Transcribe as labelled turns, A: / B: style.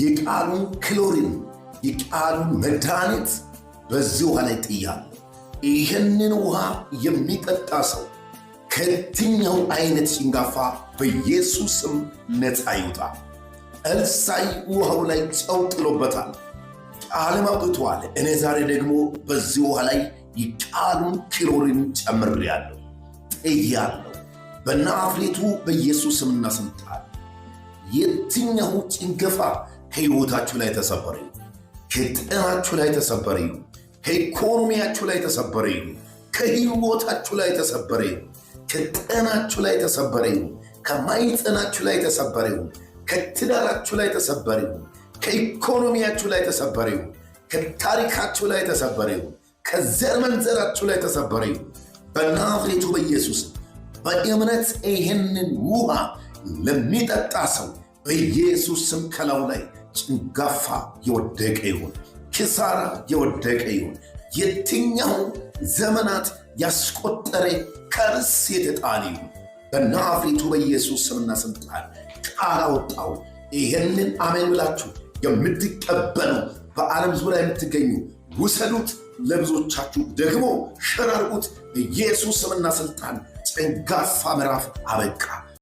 A: የቃሉን ክሎሪን የቃሉን መድኃኒት በዚህ ውሃ ላይ ጥያለሁ። ይህንን ውሃ የሚጠጣ ሰው ከየትኛው አይነት ጭንጋፋ በኢየሱስም ነፃ ይውጣ። ኤልሳዕ ውሃው ላይ ጨው ጥሎበታል፣ ቃልም አውጥቷል። እኔ ዛሬ ደግሞ በዚህ ውሃ ላይ የቃሉን ክሎሪን ጨምሬያለሁ፣ ጥያለሁ። በናፍሬቱ በኢየሱስም እናስምጣል የትኛው ጭንገፋ ከህይወታችሁ ላይ ተሰበር ይሁን። ከጤናችሁ ላይ ተሰበር ይሁን። ከኢኮኖሚያችሁ ላይ ተሰበር ይሁን። ከህይወታችሁ ላይ ተሰበር ይሁን። ከጤናችሁ ላይ ተሰበር ይሁን። ከማይጠናችሁ ላይ ተሰበር ይሁን። ከትዳራችሁ ላይ ተሰበር ይሁን። ከኢኮኖሚያችሁ ላይ ተሰበር ይሁን። ከታሪካችሁ ላይ ተሰበር ይሁን። ከዘር መንዘራችሁ ላይ ተሰበር ይሁን። በናዝሬቱ በኢየሱስ በእምነት ይህንን ውሃ ለሚጠጣ ሰው በኢየሱስ ስም ከላው ላይ ጭንጋፋ የወደቀ ይሁን፣ ኪሳራ የወደቀ ይሁን። የትኛው ዘመናት ያስቆጠረ ከርስ የተጣለ ይሁን። በናፍሪቱ በኢየሱስ ስምና ስልጣን ቃል አወጣው ይህንን አሜን ብላችሁ የምትቀበሉ በዓለም ዙሪያ የምትገኙ ውሰዱት፣ ለብዙዎቻችሁ ደግሞ ሸር ኢየሱስ ስምና ስልጣን ጭንጋፋ ምዕራፍ አበቃ።